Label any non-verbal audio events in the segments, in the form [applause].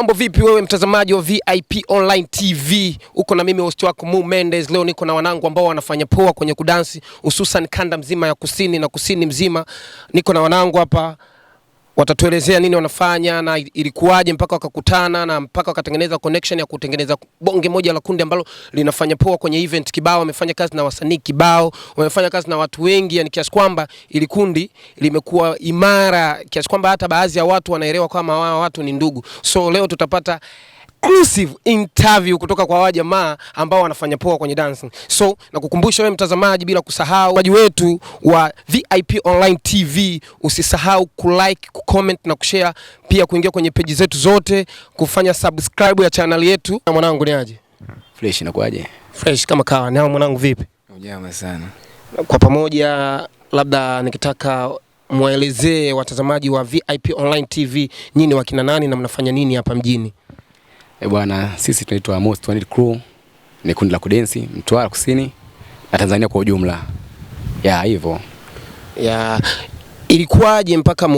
Mambo vipi wewe mtazamaji wa VIP Online TV, uko na mimi host wako Mu Mendes. Leo niko na wanangu ambao wanafanya poa kwenye kudansi, hususan kanda mzima ya kusini na kusini mzima. Niko na wanangu hapa watatuelezea nini wanafanya na ilikuwaje mpaka wakakutana na mpaka wakatengeneza connection ya kutengeneza bonge moja la kundi ambalo linafanya poa kwenye event kibao. Wamefanya kazi na wasanii kibao, wamefanya kazi na watu wengi, yani kiasi kwamba ili kundi limekuwa imara kiasi kwamba hata baadhi ya watu wanaelewa kama wao watu ni ndugu. So leo tutapata exclusive interview kutoka kwa hawa jamaa ambao wanafanya poa kwenye dancing. So nakukumbusha wewe mtazamaji, bila kusahau waji wetu wa VIP Online TV, usisahau kulike, kucomment na kushare, pia kuingia kwenye peji zetu zote, kufanya subscribe ya channel yetu. Na mwanangu ni aje? Fresh inakuaje? Fresh kama kawa. Na mwanangu vipi? Ujama sana. Kwa pamoja labda nikitaka mwelezee watazamaji wa VIP Online TV nyinyi wakina nani na mnafanya nini hapa mjini? E bwana, sisi tunaitwa Most Wanted Crew, ni kundi la kudensi Mtwara Kusini na Tanzania kwa ujumla. Ya hivyo. Ya ilikuwaje mpaka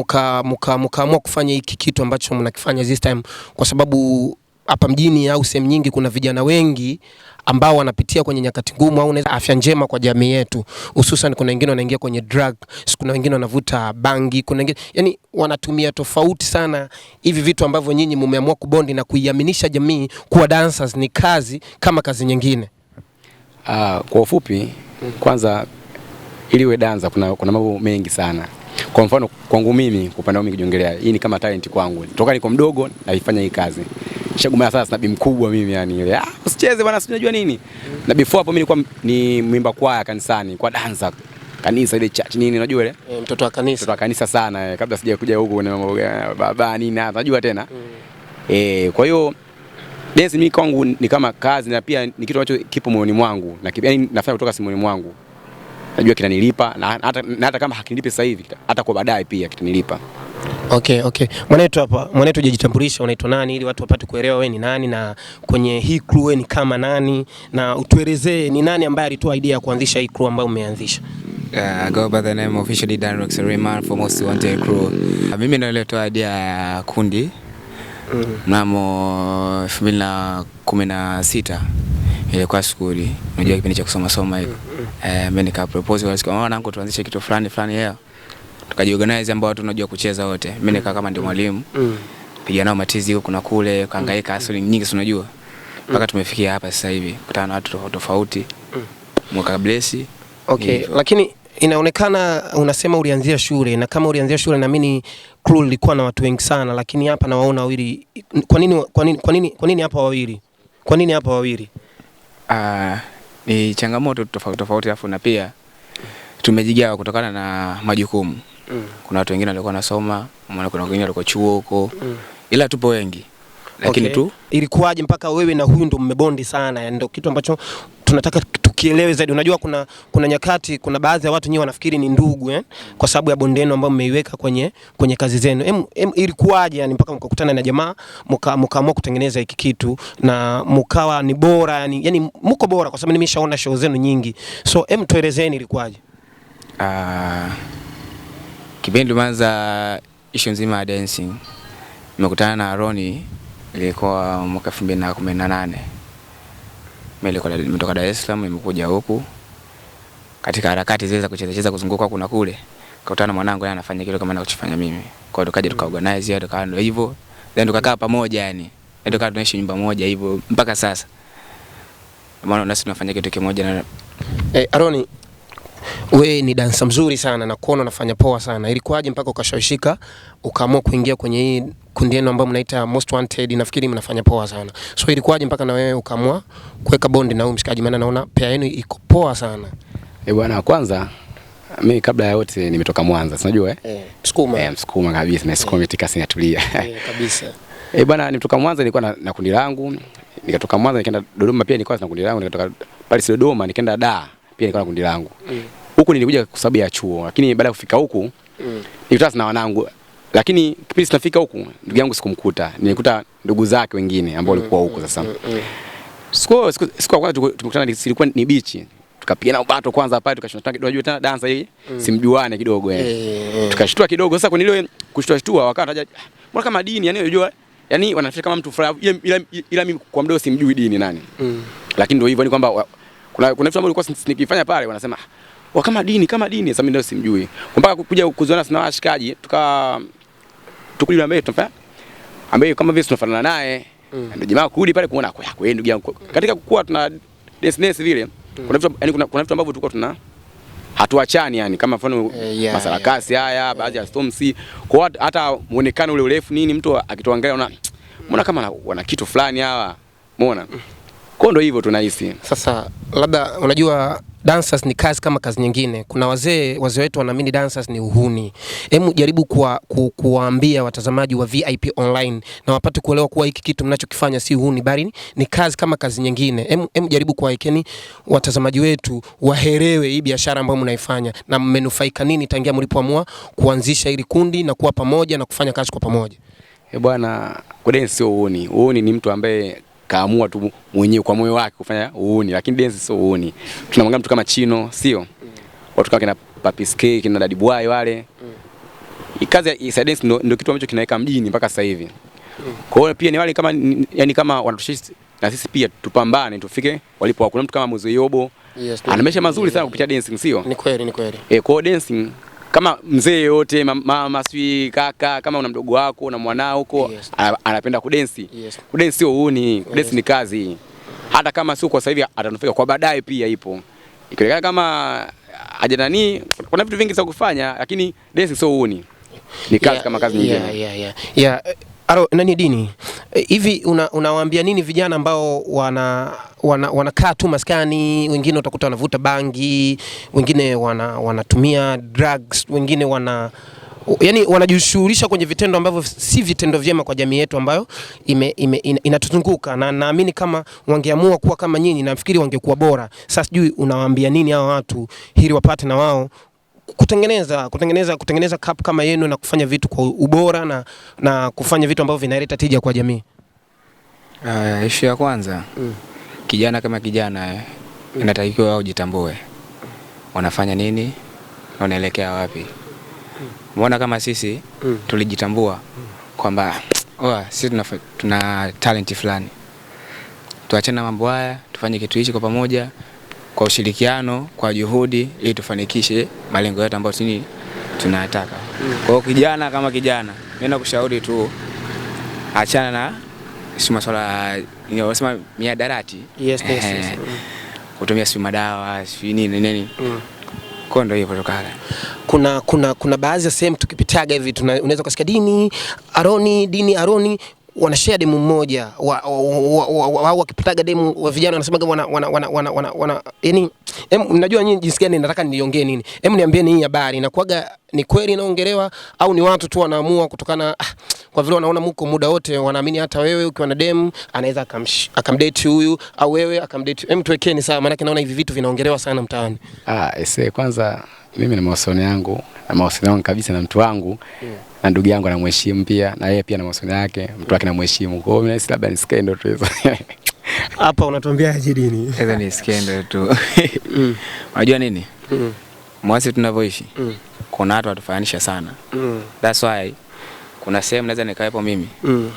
mkaamua kufanya hiki kitu ambacho mnakifanya this time, kwa sababu hapa mjini au sehemu nyingi kuna vijana wengi ambao wanapitia kwenye nyakati ngumu au afya njema kwa jamii yetu, hususan kuna wengine wanaingia kwenye drug, kuna wengine wanavuta bangi, kuna wengine yani wanatumia tofauti sana hivi vitu ambavyo nyinyi mmeamua kubondi na kuiaminisha jamii kuwa dancers ni kazi kama kazi nyingine. Uh, kwa ufupi kwanza ili uwe dansa kuna, kuna mambo mengi sana kwa mfano kwangu mimi, kwa upande wangu kujiongelea, hii ni kama talent kwangu, toka niko mdogo naifanya hii kazi shagumana sasa nabii mkubwa mimi yani ile ah, usicheze bwana, sijajua nini mm. Na before hapo mimi nilikuwa ni mwimba kwaya kanisani kwa danza kanisa ile church nini, unajua ile e, mtoto wa kanisa, mtoto wa kanisa sana eh, kabla sija kuja huko na mambo baba nini, unajua tena mm. Eh, kwa hiyo dance mimi kwangu ni kama kazi na pia ni kitu ambacho kipo moyoni mwangu na yani nafanya kutoka simoni mwangu najua kitanilipa na hata, na hata kama hakinilipi sasa hivi hata kwa baadaye pia kitanilipa. Okay, okay. Mwanetu hapa, mwanetu hujajitambulisha unaitwa nani ili watu wapate kuelewa wewe ni nani na kwenye hii crew wewe ni kama nani na utuelezee ni nani ambaye alitoa idea ya kuanzisha hii crew ambayo umeanzisha. Uh, go by the name officially Danrox Rayman for most wanted crew. Uh, mimi ndio nilitoa idea ya kundi mm. mnamo 2016 ilikuwa eh, skuli, unajua mm. kipindi cha kusoma soma hiyo mm, mm, eh, mimi nika propose kwa sababu wanangu tuanzishe kitu fulani fulani yao, tukajiorganize ambao watu unajua kucheza wote. Mimi nika kama ndio mwalimu piga nao matizi huko kuna kule, kaangaika asili nyingi, si unajua mpaka tumefikia hapa sasa hivi kutana na watu tofauti mwaka blessi. Okay, lakini inaonekana unasema ulianzia shule na kama ulianzia shule na mimi crew ilikuwa na watu wengi sana, lakini hapa nawaona wawili. Kwa nini kwa nini kwa nini kwa nini hapa wawili? Kwa nini hapa wawili? uh, ni changamoto tofauti tofauti, alafu na pia tumejigawa kutokana na majukumu mm. Kuna watu wengine walikuwa nasoma, kuna wengine walikuwa chuo huko mm. Ila tupo wengi lakini okay. tu ilikuwaje mpaka wewe na huyu ndo mmebondi sana? ndo kitu ambacho tunataka tukielewe zaidi. Unajua kuna, kuna nyakati kuna baadhi ya watu nyinyi wanafikiri ni ndugu eh? Kwa sababu ya bondenu ambayo mmeiweka kwenye, kwenye kazi zenu ilikuwaje yani mpaka mkakutana na jamaa mkaamua kutengeneza hiki kitu na mkawa ni bora yani, yani mko bora kwa sababu nimeshaona show zenu nyingi, so em, tuelezeni ilikuwaje? Uh, kipindi manza ishu nzima ya dancing nimekutana na Aroni ilikuwa mwaka 2018 nimetoka Dar es Salaam nimekuja huku katika harakati zile za kucheza cheza kuzunguka kuna kule, na mwanangu yeye anafanya kile kama ninachofanya mimi. Kwa hiyo tukaje tukaorganize, hiyo tukawa ndio hivyo. Then tukakaa pamoja yani. Ndio tukawa tunaishi nyumba moja hivyo mpaka sasa. Maana nasi tunafanya kitu kimoja na Eh, Aroni we ni dansa mzuri sana na kuona unafanya poa sana. Ilikuwaje mpaka ukashawishika ukaamua kuingia kwenye hii kundi yenu ambao mnaita most wanted, nafikiri mnafanya poa sana. So ilikuwaje mpaka na wewe ukaamua kuweka bondi na huyu mshikaji, maana naona pea yenu iko poa sana? Eh bwana, kwanza mimi kabla ya yote nimetoka Mwanza, si unajua eh? eh msukuma. Eh, Msukuma kabisa na Msukuma eh. tika sina tulia. Eh, kabisa. [laughs] Eh bwana, nimetoka Mwanza nilikuwa na, na kundi langu, nikatoka Mwanza nikaenda Dodoma pia nilikuwa na kundi langu, nikatoka pale Dodoma nikaenda Dar pia nilikuwa na kundi langu. Mm. Huku mm. nilikuja kwa sababu ya chuo, lakini baada ya kufika huku mm. nilikutana na wanangu lakini kipindi tunafika huku, ndugu yangu sikumkuta, nilikuta ndugu zake wengine ambao walikuwa huku. Mm, mm, sasa mm, siku siku kwanza tumekutana, ilikuwa ni bichi, tukapiana ubato kwanza pale, tukashindana kidogo, unajua tena dansa hii simjuane kidogo, eh. Eh, eh, eh, tukashtua kidogo. Sasa kwenye ile kushtua shtua, wakawa taja mbona kama dini, yani unajua yani wanafika kama mtu fulani, ila ila mimi kwa mdogo simjui dini nani, lakini ndio hivyo, ni kwamba kuna kuna vitu ambavyo nilikuwa nikifanya pale wanasema wa oh, kama dini kama dini. Sasa mimi ndio simjui, mpaka kuja kuziona sana washikaji tukaa tukuli yule ambaye tunafanya ambaye kama vile tunafanana naye mm. ndio jamaa kurudi pale kuona kwa yako ndugu yangu mm. katika kukua tuna destiny vile mm. kuna vitu yani kuna, kuna vitu ambavyo tulikuwa tuna hatuachani yani kama mfano e, yeah, masarakasi yeah. haya baadhi ya storms kwa hata muonekano ule urefu nini mtu akituangalia una muona kama wana kitu fulani hawa muona mm. kwa ndio hivyo tunahisi sasa labda unajua dancers ni kazi kama kazi nyingine. Kuna wazee wazee wetu wanaamini dancers ni uhuni. Hebu jaribu kuwaambia ku, watazamaji wa VIP online na wapate kuelewa kuwa hiki kitu mnachokifanya si uhuni, bali ni kazi kama kazi nyingine. Hebu jaribu kuwaekeni watazamaji wetu waherewe hii biashara ambayo mnaifanya na mmenufaika nini tangia mlipoamua kuanzisha hili kundi na kuwa pamoja na kufanya kazi kwa pamoja. Eh bwana, kudensi sio uhuni. Uhuni ni mtu ambaye akaamua tu mwenyewe kwa moyo wake kufanya uuni, lakini densi sio uuni. Tunamwangalia mtu kama Chino, sio mm. watu kama kina Papiske kina Dadibwai wale mm. kazi ya dance ndio, ndio kitu ambacho kinaweka mjini mpaka sasa hivi mm. kwa hiyo pia ni wale kama yani kama wanatushisi na sisi pia tupambane tufike walipo. Kuna mtu kama Mzee Yobo yes, ana maisha mazuri yeah, sana kupitia dancing, sio? Ni kweli, ni kweli. Eh, kwa dancing kama mzee yote mama swi kaka, kama una mdogo wako na mwanao huko yes. anapenda kudensi yes. kudensi sio uhuni yes. ni kazi, hata kama sio kwa sasa hivi, atanufaika kwa baadaye pia. Ipo ikionekana kama ajanani, kuna vitu vingi za kufanya, lakini densi sio uhuni, ni kazi yeah, kama kazi nyingine yeah, yeah, yeah. yeah. Aro, nani dini e, hivi unawaambia una nini vijana ambao wanakaa wana, wana tu maskani, wengine utakuta wanavuta bangi, wengine wana, wanatumia drugs, wengine wana yani wanajishughulisha kwenye vitendo ambavyo si vitendo vyema kwa jamii yetu ambayo ime, ime, ina, inatuzunguka na naamini kama wangeamua kuwa kama nyinyi, nafikiri wangekuwa bora. Sasa sijui unawaambia nini hao watu ili wapate na wao kutengeneza kutengeneza kutengeneza cup kama yenu na kufanya vitu kwa ubora na, na kufanya vitu ambavyo vinaleta tija kwa jamii. Uh, eh, ishu ya kwanza mm. kijana kama kijana eh, mm. inatakiwa wao ujitambue wanafanya nini na unaelekea wapi. Umeona mm. kama sisi mm. tulijitambua mm. kwamba oh, sisi tuna, tuna talenti fulani, tuachane na mambo haya tufanye kitu hichi kwa pamoja kwa ushirikiano, kwa juhudi ili tufanikishe malengo yetu ambayo sisi tunayataka. Mm. Kwa hiyo kijana kama kijana, mimi nakushauri tu achana na si masuala unasema miadarati. Yes, yes, yes. Kutumia si madawa, si nini nini. Mm. Kwa ndio hiyo kutokana. Kuna kuna kuna baadhi ya sehemu tukipitaga hivi unaweza kusikia dini, Aroni, dini, Aroni wanashare demu mmoja au wa, wakipataga demu wa vijana wanasemaga wana, wana, wana, wana, wana, yani mnajua nyinyi jinsi gani nataka niliongee nini? Em, niambieni hii habari inakuwaga ni kweli inaongelewa au ni watu tu wanaamua kutokana ah, kwa vile wanaona mko muda wote, wanaamini hata wewe ukiwa na demu anaweza akamdate huyu au wewe akamdate. Hem, tuwekeni sawa, maana naona hivi vitu vinaongelewa sana mtaani. Ah, ese kwanza mimi na mawasiliano yangu na mawasiliano kabisa na mtu wangu yeah. na ndugu yangu anamheshimu pia na yeye pia na mawasiliano yake mtu wake namheshimu. Kwa hiyo mimi nahisi labda ni skendo tu hizo [laughs] hapa. Unatuambia aje dini? Hizo ni skendo tu. [laughs] Mm. Unajua nini mm. mwasi tunavyoishi mm. kuna watu watufananisha sana mm. that's why kuna sehemu naweza nikaepo mimi mm.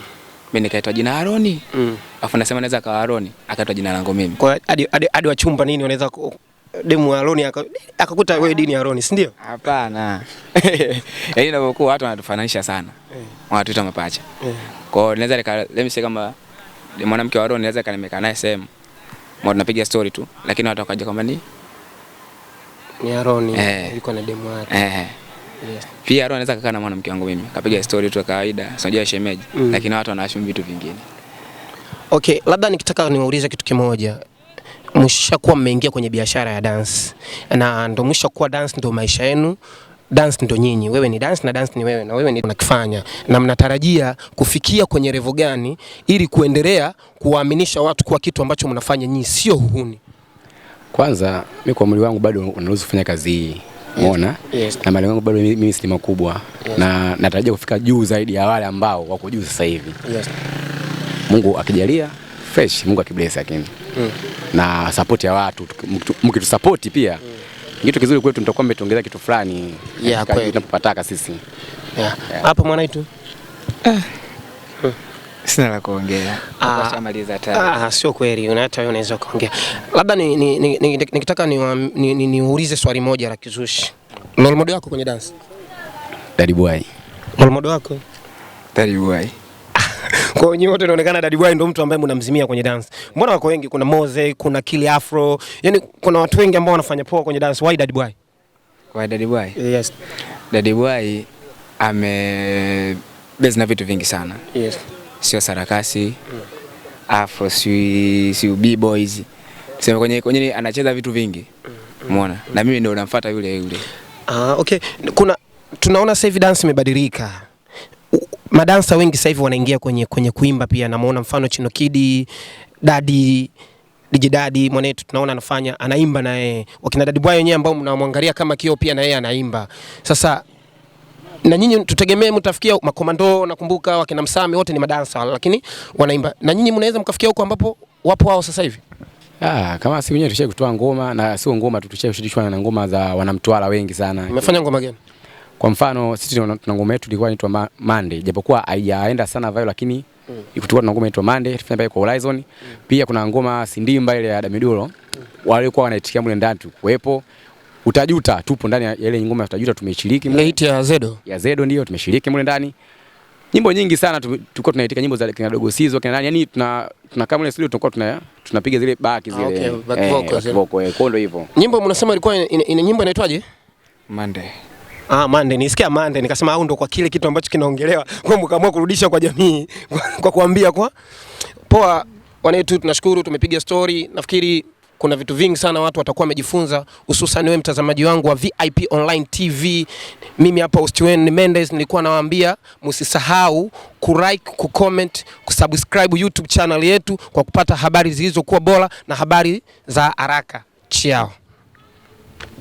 mimi nikaitwa jina Aroni mm. afu nasema naweza kawa Aroni akaitwa jina langu mimi, kwa hadi hadi wachumba nini wanaweza demu wa Aroni akakuta wewe dini ya Aroni, si ndio? Hapana. [laughs] Yaani inapokuwa watu wanatufananisha sana. Watu eh. Wanatuita mapacha. Eh. Kwa hiyo naweza nika let me say kama mwanamke wa Aroni naweza kanimeka naye same. Mwa tunapiga story tu, lakini watu wakaja kwamba ni ni Aroni Roni eh. yuko na demu wake. Eh. Yes. Pia Aroni anaweza kukaa na mwanamke wangu mimi, kapiga story tu kawaida, sijui shemeji, mm. Lakini watu wanaheshimu vitu vingine. Okay, labda nikitaka niwaulize kitu kimoja kuwa mmeingia kwenye biashara ya dance na ndo mwishakuwa dance ndo maisha yenu dance ndo nyinyi, wewe ni dance na dance ni wewe na wewe ni unakifanya, na mnatarajia kufikia kwenye revo gani ili kuendelea kuwaaminisha watu kuwa kitu ambacho mnafanya nyinyi sio uhuni? Kwanza mi kwa mwili wangu bado unaruhusu kufanya kazi hii Umeona? Yes. Na malengo yangu bado mimi si makubwa. Yes. Na natarajia kufika juu zaidi ya wale ambao wako juu sasa hivi. Yes. Mungu akijalia fresh, Mungu akibless lakini mm. na support ya watu mkitusupport pia mm. kitu kizuri kwetu, mtakuwa mmetuongeza kitu fulani yeah, kwa hiyo tunapataka sisi yeah. hapo yeah. hapa mwanaitu eh. Sina la kuongea. Ah, tayari ah, sio kweli, unaacha wewe unaweza kuongea. Labda nikitaka ni, ni, ni, ni, ni, ni, ni uulize swali moja la kizushi. Mwalimu wako kwenye dance? Daddy boy. Mwalimu wako? Daddy boy. Kwa hiyo wote inaonekana Daddy Boy ndio mtu ambaye mnamzimia kwenye dance. Mbona wako wengi? Kuna Moze, kuna Kili Afro, yani kuna watu wengi ambao wanafanya poa kwenye dance. Why Daddy Boy? Why Daddy Boy? Yes. Daddy Boy ame base na vitu vingi sana. Yes. Sio sarakasi. Mm. Afro si si B-boys. Sema kwenye kwenye anacheza vitu vingi. Umeona? Mm. Mm. Na mimi ndio namfuata yule yule. Ah, okay. Kuna tunaona sasa hivi dance imebadilika madansa wengi sasa hivi wanaingia kwenye, kwenye kuimba pia, namuona mfano Chino Kidi, Dadi DJ Dadi mwanetu tunaona anafanya anaimba na yeye. Wakina Dadi Bwayo wenyewe ambao mnamwangalia kama kio pia na yeye anaimba. Sasa na nyinyi tutegemee mtafikia makomando, nakumbuka wakina Msami wote ni madansa lakini wanaimba. Na nyinyi mnaweza mkafikia huko ambapo wapo wao sasa hivi. Ah, kama si wenyewe tushie kutoa ngoma na sio ngoma tu tushie kushirikishwa na ngoma za wanamtwala wengi sana. Umefanya ngoma gani? Kwa mfano sisi tuna ngoma yetu ilikuwa inaitwa Mande, japokuwa haijaenda sana vile lakini mm. ikutua tuna ngoma inaitwa Mande tufanya pale kwa Horizon. Mm. Pia kuna ngoma Sindimba ile ya Damiduro mm. walikuwa wanaitikia mle ndani tu tukuwepo. Utajuta tupo ndani ya ile ngoma Utajuta tumeshiriki. Ile hit ya Zedo. Ya Zedo ndio tumeshiriki mle ndani. Nyimbo nyingi sana tulikuwa tunaitika nyimbo za kina Dogo Sizo kina nani, yani tuna tuna kama ile studio tulikuwa tuna tunapiga zile baki zile. Ah, okay, back vocals. Eh, vocals, eh, kwa kondo hivyo. Nyimbo mnasema ilikuwa ina nyimbo inaitwaje? Mande. Ah, mande nisikia mande nikasema au ndo kwa kile kitu ambacho kinaongelewa. kwa mkaamua kurudisha kwa jamii [laughs] kwa kuambia kwa poa wanetu, tunashukuru tumepiga story. Nafikiri kuna vitu vingi sana watu watakuwa wamejifunza, hususan wewe mtazamaji wangu wa VIP Online TV. Mimi hapa host wenu Mendes, nilikuwa nawaambia msisahau ku like, ku comment, ku subscribe YouTube channel yetu kwa kupata habari zilizokuwa bora na habari za haraka. Ciao.